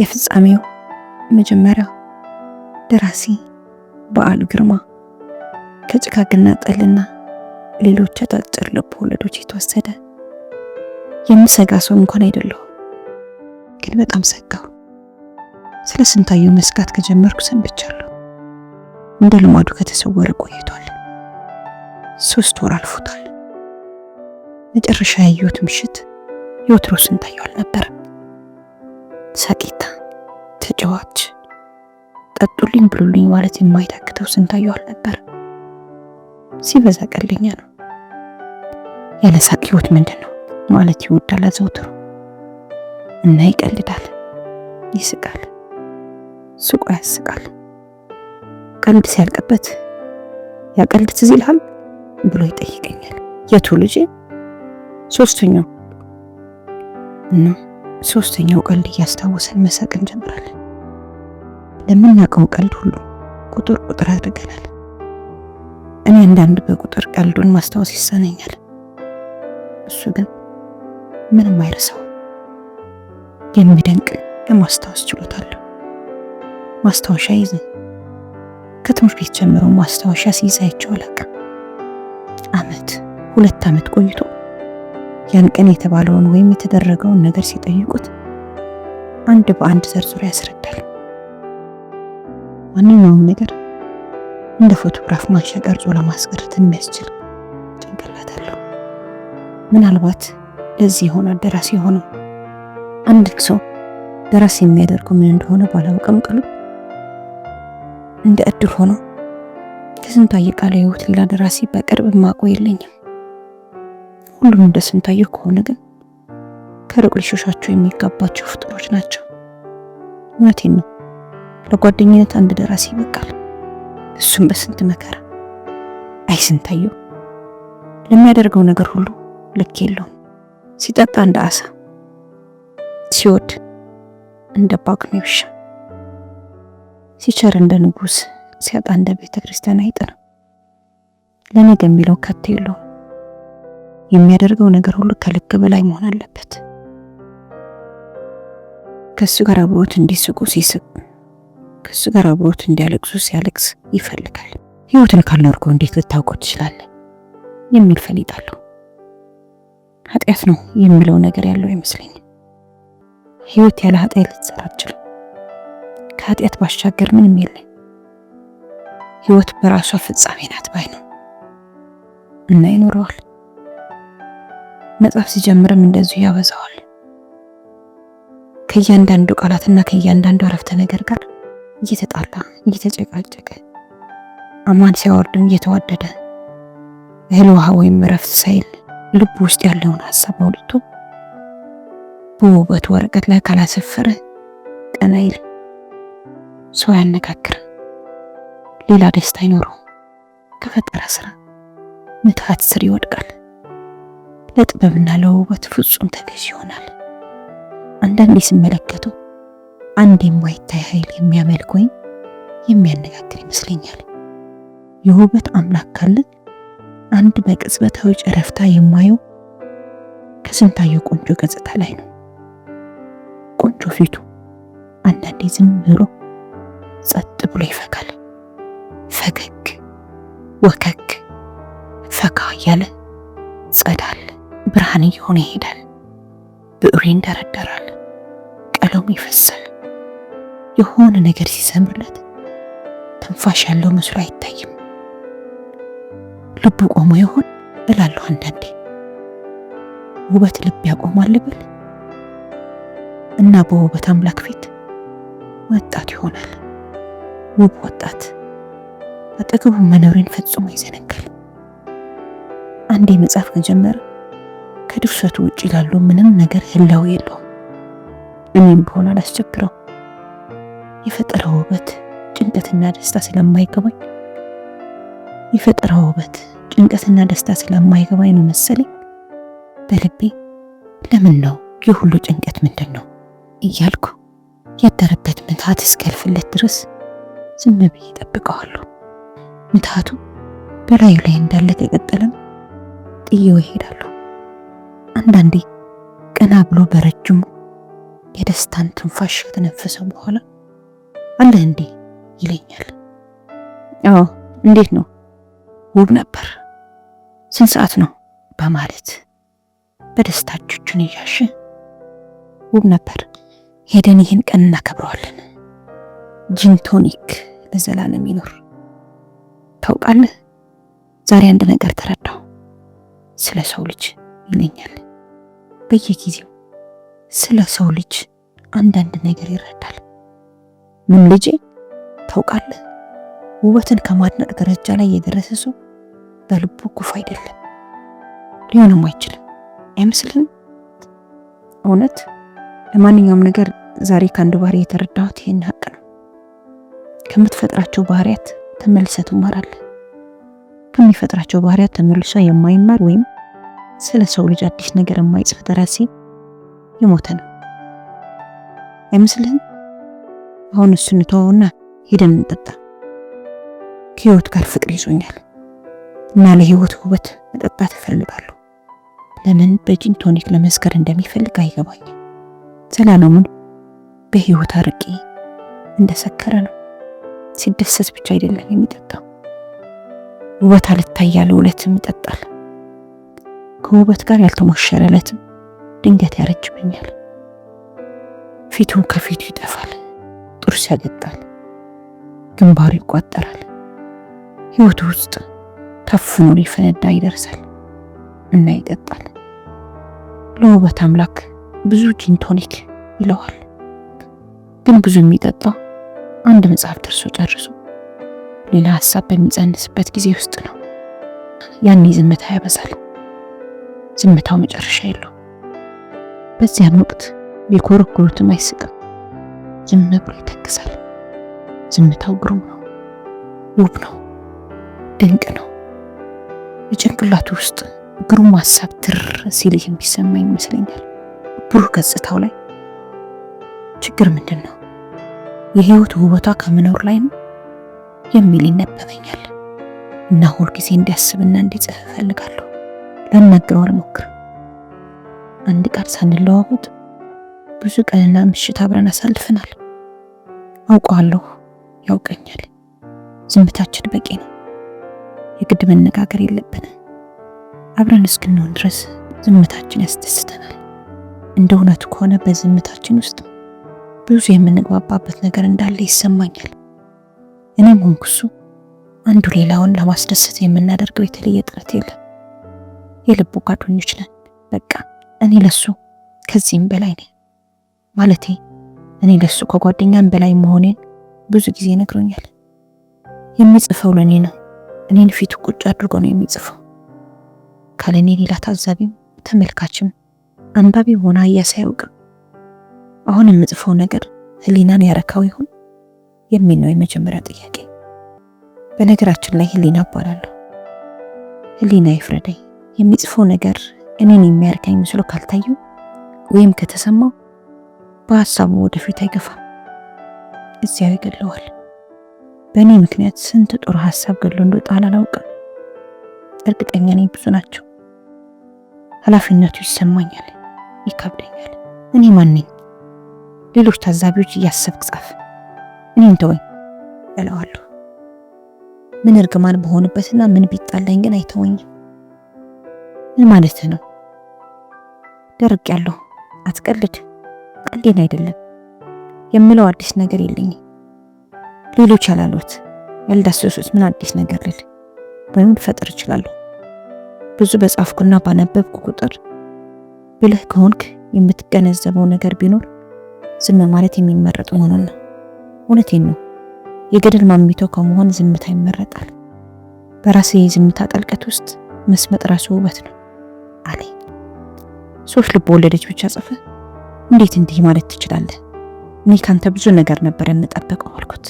የፍጻሜው መጀመሪያ ደራሲ በዓሉ ግርማ። ከጭጋግና ጠልና ሌሎች አጫጭር ልብ ወለዶች የተወሰደ። የምሰጋ ሰው እንኳን አይደለሁ ግን በጣም ሰጋሁ። ስለ ስንታየው መስጋት ከጀመርኩ ሰንብቻለሁ። እንደ ልማዱ ከተሰወረ ቆይቷል። ሶስት ወር አልፎታል። መጨረሻ ያየሁት ምሽት የወትሮ ስንታየው አልነበረም። ሳቂ ተዋች። ጠጡልኝ ብሉልኝ ማለት የማይታክተው ስንታየው አልነበር። ሲበዛ ቀልደኛ ነው። ያለ ሳቅ ህይወት ምንድን ነው ማለት ይወዳል አዘውትሮ እና ይቀልዳል፣ ይስቃል፣ ሱቆ ያስቃል። ቀልድ ሲያልቅበት ያቀልድ ትዝ ይልሃል ብሎ ይጠይቀኛል። የቱ ልጅ ሶስተኛው እና ሶስተኛው ቀልድ እያስታወሰን መሳቅ እንጀምራለን። ለምናውቀው ቀልድ ሁሉ ቁጥር ቁጥር አድርገናል። እኔ አንዳንድ በቁጥር ቀልዱን ማስታወስ ይሳነኛል። እሱ ግን ምንም አይረሳው። የሚደንቅ የማስታወስ ችሎታ አለው። ማስታወሻ ይዘ ከትምህርት ቤት ጀምሮ ማስታወሻ ሲይዝ አይቼው አላውቅም። አመት ሁለት አመት ቆይቶ ያን ቀን የተባለውን ወይም የተደረገውን ነገር ሲጠይቁት አንድ በአንድ ዘርዝሮ ያስረዳል። ማንኛውም ነገር እንደ ፎቶግራፍ ማንሻ ቀርጾ ለማስቀረት የሚያስችል ጭንቅላት አለው። ምናልባት ለዚህ የሆነ ደራሲ የሆነው። አንድ ሰው ደራሲ የሚያደርገው ምን እንደሆነ ባላውቅም ቀሉ እንደ እድል ሆኖ ከስንታየ ቃላየሁት ሌላ ደራሲ በቅርብ ማቆ የለኝም። ሁሉም እንደ ስንታየ ከሆነ ግን ከሩቅ ሊሾሻቸው የሚጋባቸው ፍጡሮች ናቸው። እውነቴን ነው። ለጓደኝነት አንድ ደራሲ ይበቃል። እሱም በስንት መከራ አይ ለሚያደርገው ነገር ሁሉ ልክ የለውም። ሲጠጣ እንደ አሳ፣ ሲወድ እንደ ባግም ይውሻ፣ ሲቸር እንደ ንጉስ ሲያጣ እንደ ቤተ ክርስቲያን አይጥ ነው። ለነገ የሚለው ከቶ የለውም። የሚያደርገው ነገር ሁሉ ከልክ በላይ መሆን አለበት። ከሱ ጋር አብሮት እንዲስቁ ሲስቅ ከሱ ጋር አብሮት እንዲያለቅሱ ሲያለቅስ ይፈልጋል። ህይወትን ካልኖርኩ እንዴት ልታውቀው ትችላለህ? የሚል ፈሊጣለሁ። ኃጢአት ነው የሚለው ነገር ያለው አይመስለኝም። ህይወት ያለ ኃጢአት ልትሰራ አትችልም። ከኃጢአት ባሻገር ምንም የለም። ህይወት በራሷ ፍጻሜ ናት ባይ ነው እና ይኖረዋል። መጽሐፍ ሲጀምርም እንደዚሁ ያበዛዋል። ከእያንዳንዱ ቃላትና ከእያንዳንዱ አረፍተ ነገር ጋር እየተጣላ እየተጨቃጨቀ አማን ሲያወርድን እየተዋደደ እህል ውሃ ወይም እረፍት ሳይል ልብ ውስጥ ያለውን ሀሳብ አውልቶ በውበት ወረቀት ላይ ካላሰፈረ ቀና ይል ሰው ያነጋግር ሌላ ደስታ አይኖረው። ከፈጠራ ስራ ምትሃት ስር ይወድቃል። ለጥበብና ለውበት ፍጹም ተገዥ ይሆናል። አንዳንዴ ስመለከተው አንድ የማይታይ ኃይል የሚያመልክ ወይም የሚያነጋግር ይመስለኛል። የውበት አምላክ ካለ አንድ በቅጽበታዊ ጨረፍታ የማየው ከስንታየው ቆንጆ ገጽታ ላይ ነው። ቆንጆ ፊቱ አንዳንዴ ዝም ብሎ ጸጥ ብሎ ይፈካል። ፈገግ ወከክ ፈካ እያለ ጸዳል ብርሃን እየሆነ ይሄዳል። ብዕሬ ይንደረደራል፣ ቀለሙ ይፈሳል። የሆነ ነገር ሲሰምርለት ትንፋሽ ያለው መስሎ አይታይም። ልቡ ቆሞ ይሆን እላለሁ አንዳንዴ። ውበት ልብ ያቆማል ብል እና በውበት አምላክ ፊት ወጣት ይሆናል ውብ ወጣት አጠገቡ መኖሬን ፈጽሞ ይዘነጋል። አንዴ መጽሐፍ ከጀመረ ከድርሰቱ ውጭ ላሉ ምንም ነገር ህላው የለውም። እኔም በሆነ አላስቸግረው የፈጠረው ውበት ጭንቀትና ደስታ ስለማይገባኝ የፈጠረው ውበት ጭንቀትና ደስታ ስለማይገባኝ ነው መሰለኝ በልቤ ለምን ነው የሁሉ ጭንቀት ምንድን ነው እያልኩ ያደረበት ምትሃት እስኪያልፍለት ድረስ ዝም ብዬ ይጠብቀዋሉ። ምትሃቱ በላዩ ላይ እንዳለ ከቀጠለም ጥዬው ይሄዳሉ። አንዳንዴ ቀና ብሎ በረጅሙ የደስታን ትንፋሽ ከተነፈሰ በኋላ አለ እንዴ ይለኛል። አዎ እንዴት ነው? ውብ ነበር። ስንት ሰዓት ነው? በማለት በደስታ እጆቹን እያሸ ውብ ነበር። ሄደን ይህን ቀን እናከብረዋለን። ጂንቶኒክ ለዘላለም ይኖር። ታውቃለህ ዛሬ አንድ ነገር ተረዳው ስለ ሰው ልጅ ይለኛል። በየጊዜው ስለ ሰው ልጅ አንዳንድ ነገር ይረዳል። ምን ልጄ ታውቃለህ፣ ውበትን ከማድነቅ ደረጃ ላይ የደረሰ ሰው በልቡ ክፉ አይደለም፣ ሊሆንም አይችልም። አይመስልም? እውነት ለማንኛውም ነገር ዛሬ ከአንድ ባህሪ የተረዳሁት ይህን ሀቅ ነው። ከምትፈጥራቸው ባህሪያት ተመልሰ ትማራለህ። ከሚፈጥራቸው ባህሪያት ተመልሶ የማይማር ወይም ስለ ሰው ልጅ አዲስ ነገር የማይጽፍ ደራሲ የሞተ ነው። አይመስልህም? አሁን እሱን ተወውና ሄደን እንጠጣ። ከህይወት ጋር ፍቅር ይዞኛል እና ለህይወት ውበት መጠጣት እፈልጋለሁ። ለምን በጂን ቶኒክ ለመስከር እንደሚፈልግ አይገባኝም። ሰላሙን በህይወት አርቄ እንደሰከረ ነው። ሲደሰት ብቻ አይደለም የሚጠጣው። ውበት አልታያለ ውለትም ይጠጣል። ከውበት ጋር ያልተሞሸረ ዕለትም ድንገት ያረጅብኛል። ፊቱ ከፊቱ ይጠፋል። ጥርስ ያገጣል፣ ግንባሩ ይቋጠራል። ህይወቱ ውስጥ ተፍኖ ሊፈነዳ ይደርሳል እና ይጠጣል። ለውበት አምላክ ብዙ ጂንቶኒክ ይለዋል። ግን ብዙ የሚጠጣ አንድ መጽሐፍ ደርሶ ጨርሶ ሌላ ሀሳብ በሚጸንስበት ጊዜ ውስጥ ነው። ያኔ ዝምታ ያበዛል። ዝምታው መጨረሻ የለው። በዚያን ወቅት የኮረኮሩትም አይስቅም። ዝም ብሎ ይተክዛል። ዝምታው ግሩም ነው፣ ውብ ነው፣ ድንቅ ነው። የጭንቅላቱ ውስጥ ግሩም ሀሳብ ትር ሲል የሚሰማ ይመስለኛል። ብሩህ ገጽታው ላይ ችግር ምንድን ነው? የህይወት ውበቷ ከመኖር ላይ ነው የሚል ይነበበኛል እና ሁልጊዜ እንዲያስብና እንዲጽፍ እፈልጋለሁ። ላናግረው አልሞክር አንድ ቃል ሳንለዋወጥ ብዙ ቀንና ምሽት አብረን አሳልፈናል። አውቀዋለሁ፣ ያውቀኛል። ዝምታችን በቂ ነው። የግድ መነጋገር የለብን። አብረን እስክንሆን ድረስ ዝምታችን ያስደስተናል። እንደ እውነቱ ከሆነ በዝምታችን ውስጥ ብዙ የምንግባባበት ነገር እንዳለ ይሰማኛል። እኔም ሆንኩ እሱ አንዱ ሌላውን ለማስደሰት የምናደርገው የተለየ ጥረት የለም። የልቡ ጓደኞች ነን። በቃ እኔ ለሱ ከዚህም በላይ ነኝ። ማለቴ እኔ ለሱ ከጓደኛም በላይ መሆኔን ብዙ ጊዜ ነግሮኛል። የሚጽፈው ለእኔ ነው። እኔን ፊቱ ቁጭ አድርጎ ነው የሚጽፈው። ካለኔ ሌላ ታዛቢም ተመልካችም አንባቢ ሆና እያሳይ አሁን የምጽፈው ነገር ህሊናን ያረካው ይሆን የሚል ነው የመጀመሪያ ጥያቄ። በነገራችን ላይ ህሊና እባላለሁ። ህሊና ይፍረደኝ። የሚጽፈው ነገር እኔን የሚያርካኝ መስሎ ካልታየው ወይም ከተሰማው በሀሳቡ ወደፊት አይገፋም፣ እዚያው ይገለዋል። በእኔ ምክንያት ስንት ጥሩ ሀሳብ ገሎ እንደጣል አላውቅም። እርግጠኛ ነኝ ብዙ ናቸው። ኃላፊነቱ ይሰማኛል፣ ይከብደኛል። እኔ ማን ነኝ? ሌሎች ታዛቢዎች እያሰብክ ጻፍ፣ እኔም ተወኝ እለዋለሁ። ምን እርግማን በሆንበትና ምን ቢጣላኝ ግን አይተወኝም። ምን ማለት ነው? ደርቅ ያለሁ አትቀልድ እንዴት አይደለም የምለው አዲስ ነገር የለኝ ሌሎች ያላሉት ያልዳሰሱት ምን አዲስ ነገር ልል ወይም ልፈጥር እችላለሁ። ብዙ በጻፍኩና ባነበብኩ ቁጥር ብልህ ከሆንክ የምትገነዘበው ነገር ቢኖር ዝም ማለት የሚመረጥ መሆኑን ነው። እውነቴን ነው። የገደል ማሚቶ ከመሆን ዝምታ ይመረጣል። በራስ የዝምታ ጥልቀት ውስጥ መስመጥ ራሱ ውበት ነው አለ። ሶስት ልብ ወለደች ብቻ ጽፈ እንዴት እንዲህ ማለት ትችላለህ? እኔ ካንተ ብዙ ነገር ነበር የምጠብቀው አልኩት።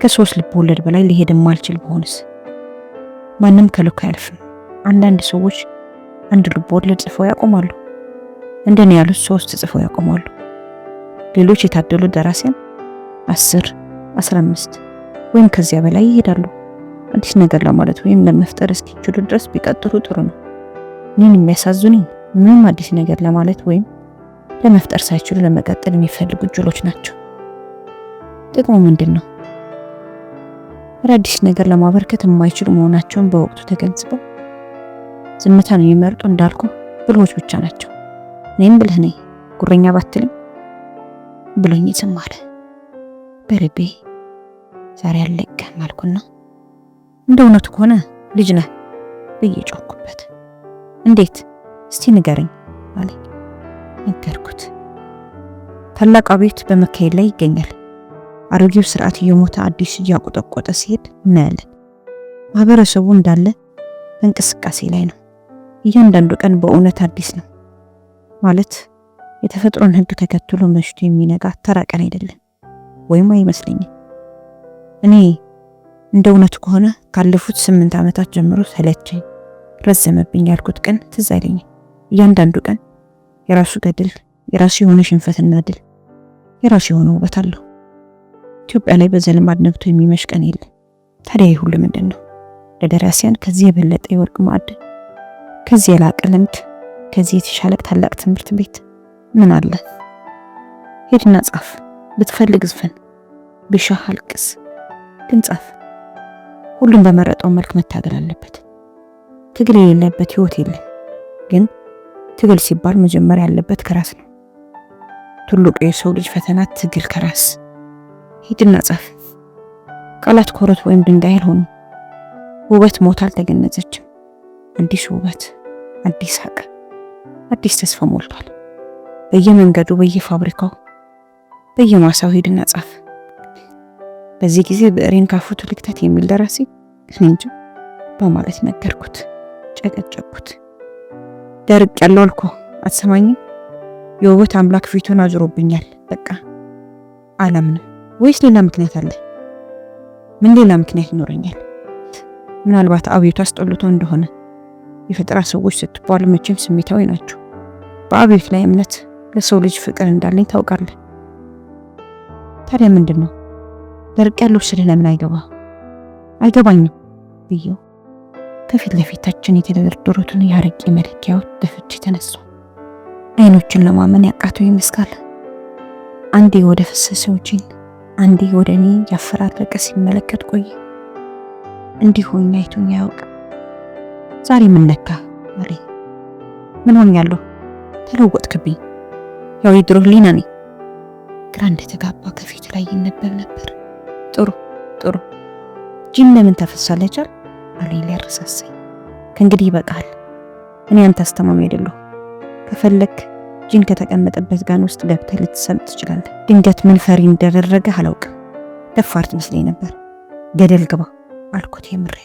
ከሶስት ልብ ወለድ በላይ ሊሄድም አልችል በሆንስ? ማንም ከልክ አያልፍም። አንዳንድ ሰዎች አንድ ልብ ወለድ ጽፈው ያቆማሉ። እንደኔ ያሉት ሶስት ጽፈው ያቆማሉ። ሌሎች የታደሉ ደራሲያን አስር አስራ አምስት ወይም ከዚያ በላይ ይሄዳሉ። አዲስ ነገር ለማለት ወይም ለመፍጠር እስኪችሉ ድረስ ቢቀጥሉ ጥሩ ነው። እኔን የሚያሳዝኑኝ ምንም አዲስ ነገር ለማለት ወይም ለመፍጠር ሳይችሉ ለመቀጠል የሚፈልጉ ጅሎች ናቸው። ጥቅሙ ምንድን ነው? አዳዲስ ነገር ለማበርከት የማይችሉ መሆናቸውን በወቅቱ ተገንዝበው ዝምታን የሚመርጡ እንዳልኩ ብልሆች ብቻ ናቸው። እኔም ብልህ ነኝ ጉረኛ ባትልም ብሎኝ ዝም አለ። በልቤ ዛሬ አልለቅህም አልኩና እንደ እውነቱ ከሆነ ልጅ ነህ ብዬ ጮኩበት። እንዴት እስቲ ንገረኝ አለኝ። ነገርኩት። ታላቅ አቤት በመካሄድ ላይ ይገኛል። አሮጌው ስርዓት እየሞተ አዲሱ እያቆጠቆጠ ሲሄድ እናያለን። ማህበረሰቡ እንዳለ በእንቅስቃሴ ላይ ነው። እያንዳንዱ ቀን በእውነት አዲስ ነው ማለት የተፈጥሮን ህግ ተከትሎ መሽቶ የሚነጋ ተራ ቀን አይደለም ወይም አይመስለኝም። እኔ እንደ እውነቱ ከሆነ ካለፉት ስምንት ዓመታት ጀምሮ ሰለቸኝ፣ ረዘመብኝ ያልኩት ቀን ትዝ አይለኝም። እያንዳንዱ ቀን የራሱ ገድል፣ የራሱ የሆነ ሽንፈትና ድል፣ የራሱ የሆነ ውበት አለው። ኢትዮጵያ ላይ በዘልማድ ነግቶ የሚመሽ ቀን የለ። ታዲያ ይህ ሁሉ ምንድን ነው? ለደራሲያን ከዚህ የበለጠ የወርቅ ማዕድን፣ ከዚህ የላቀ ልምድ፣ ከዚህ የተሻለ ታላቅ ትምህርት ቤት ምን አለ? ሄድና ጻፍ። ብትፈልግ ዝፈን፣ ብሻህ አልቅስ፣ ግን ጻፍ። ሁሉም በመረጠው መልክ መታገል አለበት። ትግል የሌለበት ህይወት የለም ግን ትግል ሲባል መጀመሪያ ያለበት ከራስ ነው። ትልቁ የሰው ልጅ ፈተና ትግል ከራስ ሂድና ጻፍ። ቃላት ኮረት ወይም ድንጋይ አልሆኑ። ውበት ሞታ አልተገነዘችም። አዲስ ውበት፣ አዲስ ሀቅ፣ አዲስ ተስፋ ሞልቷል። በየመንገዱ በየፋብሪካው፣ በየማሳው ሂድና ጻፍ። በዚህ ጊዜ ብዕሬን ካፉት ልክተት የሚል ደራሲ እኔ በማለት ነገርኩት፣ ጨቀጨቁት። ደርቅ ያለው አልኮ አትሰማኝም። የውበት አምላክ ፊቱን አዙሮብኛል። በቃ አላምንም። ወይስ ሌላ ምክንያት አለ? ምን ሌላ ምክንያት ይኖረኛል? ምናልባት አብዮቱ አስጠልቶ እንደሆነ። የፈጠራ ሰዎች ስትባሉ መቼም ስሜታዊ ናቸው። በአብዮት ላይ እምነት፣ ለሰው ልጅ ፍቅር እንዳለኝ ታውቃለ? ታዲያ ምንድን ነው ደርቅ ያለው? ስለ ለምን አይገባ አይገባኝም ብየው ከፊት ለፊታችን የተደረደሩትን የአረቄ መለኪያዎች ደፍቼ ተነሱ። አይኖችን ለማመን ያቃተው ይመስላል። አንዴ ወደ ፈሰሰው ጂን፣ አንዴ ወደ እኔ ያፈራረቀ ሲመለከት ቆየ። እንዲህ ሆኜ አይቶኝ ያውቅ። ዛሬ ምን ነካ አለ። ምን ሆኛለሁ? ተለወጥክብኝ። ያው የድሮ ህሊና ነኝ። ግራ እንደተጋባ ከፊቱ ላይ ይነበብ ነበር። ጥሩ ጥሩ ጂን ለምን ታፈሳለች? እኔ ላይ ረሳሳኝ። ከእንግዲህ ይበቃል። እኔ አንተ አስተማሚ አይደለሁ። ከፈለክ ጅን ከተቀመጠበት ጋን ውስጥ ገብተህ ልትሰምጥ ትችላለህ። ድንገት ምን ፈሪ እንደደረገ አላውቅም። ደፋር ትመስለኝ ነበር። ገደል ግባ አልኩት። የምሬ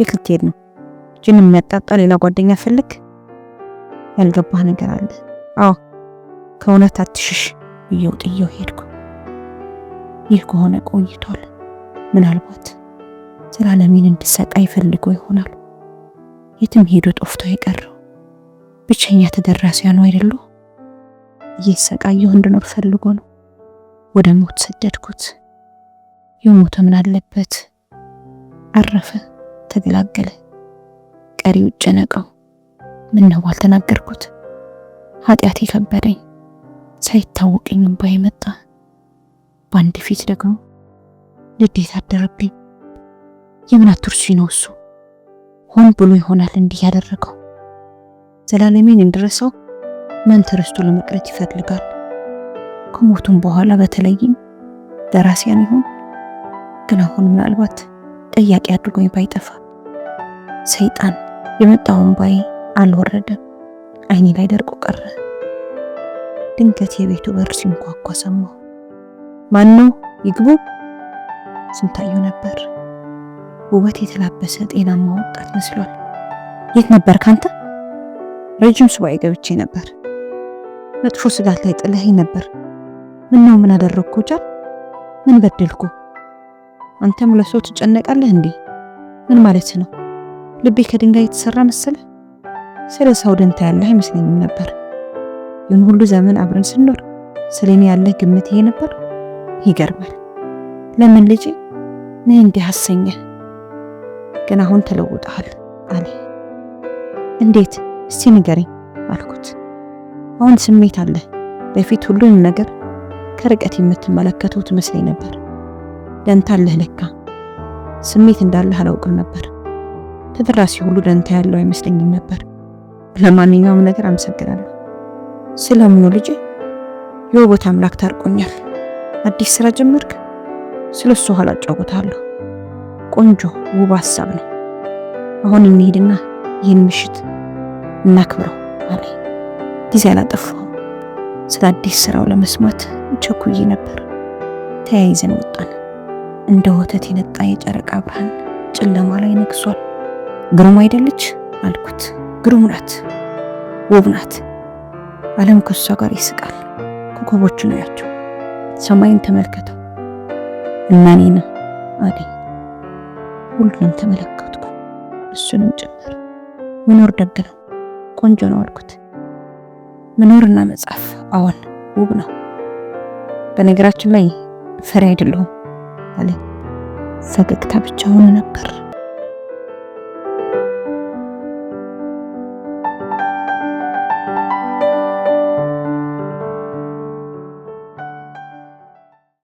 የት ልትሄድ ነው? ጅን የሚያጣጣ ሌላ ጓደኛ ፈልግ። ያልገባህ ነገር አለ። አዎ ከእውነት አትሽሽ ብዬው ጥየው ሄድኩ። ይህ ከሆነ ቆይቷል ምናልባት ዘላለሜን እንድሰቃይ ፈልጎ ይሆናል። የትም ሄዶ ጦፍቶ የቀረው ብቸኛ ተደራሲያኑ አይደሉ? እየተሰቃየሁ እንድኖር ፈልጎ ነው ወደ ሞት ሰደድኩት። የሞተ ምን አለበት? አረፈ፣ ተገላገለ። ቀሪው ጨነቀው። ምን ነው ባልተናገርኩት? ኃጢአቴ ከበደኝ፣ ሳይታወቀኝ እምባዬ መጣ። በአንድ ፊት ደግሞ ንዴት አደረብኝ። የምን አትርሱ ነው እሱ ሆን ብሎ ይሆናል እንዲህ ያደረገው። ዘላለሜን እንድረሰው ማን ተረስቶ ለመቅረት ይፈልጋል? ከሞቱም በኋላ በተለይም ደራሲያን ይሁን ግን አሁን ምናልባት ጠያቂ አድርጎኝ ባይጠፋ ሰይጣን የመጣውን ባይ አልወረደም፣ አይኔ ላይ ደርቆ ቀረ። ድንገት የቤቱ በር ሲንኳኳ ሰማሁ። ማን ነው? ይግቡ። ስንታየው ነበር። ውበት የተላበሰ ጤናማ ወጣት መስሏል። የት ነበር ካንተ? ረጅም ሱባኤ ገብቼ ነበር። መጥፎ ስጋት ላይ ጥለኸኝ ነበር። ምን ነው ምን አደረግኩ? ጃል ምን በደልኩ? አንተም ለሰው ትጨነቃለህ እንዴ? ምን ማለት ነው? ልቤ ከድንጋይ የተሰራ መሰለ? ስለ ሰው ደንታ ያለህ አይመስለኝም ነበር። ይህን ሁሉ ዘመን አብረን ስንኖር ስለኔ ያለህ ግምት ይሄ ነበር? ይገርማል። ለምን ልጄ ነህ እንዲህ አሰኘህ? ግን አሁን ተለውጠሃል አለ። እንዴት እስቲ ንገረኝ አልኩት። አሁን ስሜት አለ። በፊት ሁሉንም ነገር ከርቀት የምትመለከተው ትመስለኝ ነበር። ደንታ አለህ ለካ። ስሜት እንዳለህ አላውቅም ነበር። ተደራሲ ሁሉ ደንታ ያለው አይመስለኝም ነበር። ለማንኛውም ነገር አመሰግናለሁ። ስለምኑ ልጅ የውበት አምላክ ታርቆኛል። አዲስ ስራ ጀመርክ? ስለሱ ኋላ እጫወታለሁ። ቆንጆ ውብ ሀሳብ ነው። አሁን እንሄድና ይህን ምሽት እናክብረው አለ። ጊዜ አላጠፋሁም። ስለ አዲስ ስራው ለመስማት ቸኩዬ ነበር። ተያይዘን ወጣን። እንደ ወተት የነጣ የጨረቃ ብርሃን ጨለማ ላይ ነግሷል። ግሩም አይደለች አልኩት። ግሩም ናት፣ ውብ ናት። ዓለም ከሷ ጋር ይስቃል። ኮከቦቹን እያቸው፣ ሰማይን ተመልከተው እና እኔን አለኝ። ሁሉንም ተመለከትኩ፣ እሱንም ጭምር። መኖር ደግ ነው፣ ቆንጆ ነው አልኩት። መኖርና መጻፍ አዎን ውብ ነው። በነገራችን ላይ ፈሪ አይደለሁም አለ። ፈገግታ ብቻ ሆኖ ነበር።